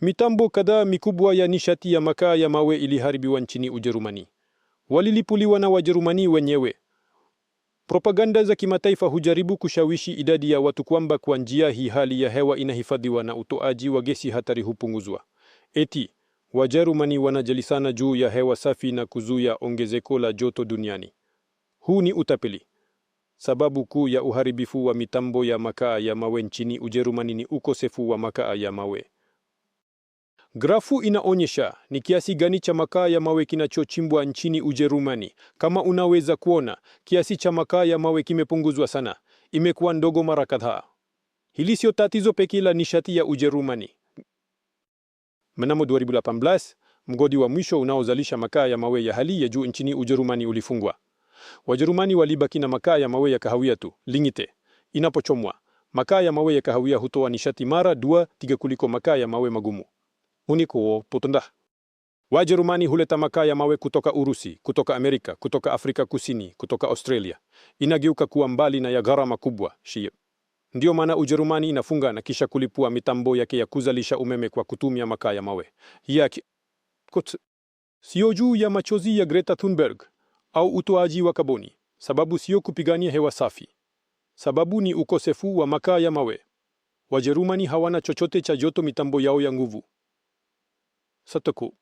Mitambo kadhaa mikubwa ya nishati ya makaa ya mawe iliharibiwa nchini Ujerumani. Walilipuliwa na Wajerumani wenyewe. Propaganda za kimataifa hujaribu kushawishi idadi ya watu kwamba kwa njia hii hali ya hewa inahifadhiwa na utoaji wa gesi hatari hupunguzwa. Eti Wajerumani wanajalisana juu ya hewa safi na kuzuia ongezeko la joto duniani. Huu ni utapeli. Sababu kuu ya uharibifu wa mitambo ya makaa ya mawe nchini Ujerumani ni ukosefu wa makaa ya mawe. Grafu inaonyesha ni kiasi gani cha makaa ya mawe kinachochimbwa nchini Ujerumani. Kama unaweza kuona, kiasi cha makaa ya mawe kimepunguzwa sana, imekuwa ndogo mara kadhaa. Hili sio tatizo pekee la nishati ya Ujerumani. Mnamo 2018 mgodi wa mwisho unaozalisha makaa ya mawe ya hali ya juu nchini Ujerumani ulifungwa. Wajerumani walibaki na makaa ya mawe ya kahawia tu, lignite. Inapochomwa, makaa ya mawe ya kahawia hutoa nishati mara dua tiga kuliko makaa ya mawe magumu hunikuo putunda. Wajerumani huleta makaa ya mawe kutoka Urusi, kutoka Amerika, kutoka Afrika Kusini, kutoka Australia. Inageuka kuwa mbali na ya gharama kubwa shia. Ndiyo maana Ujerumani inafunga na kisha kulipua mitambo yake ya kuzalisha umeme kwa kutumia makaa ya mawe yake. Sio juu ya machozi ya Greta Thunberg au utoaji wa kaboni. Sababu sio kupigania hewa safi, sababu ni ukosefu wa makaa ya mawe. Wajerumani hawana chochote cha joto mitambo yao ya nguvu. Satoko.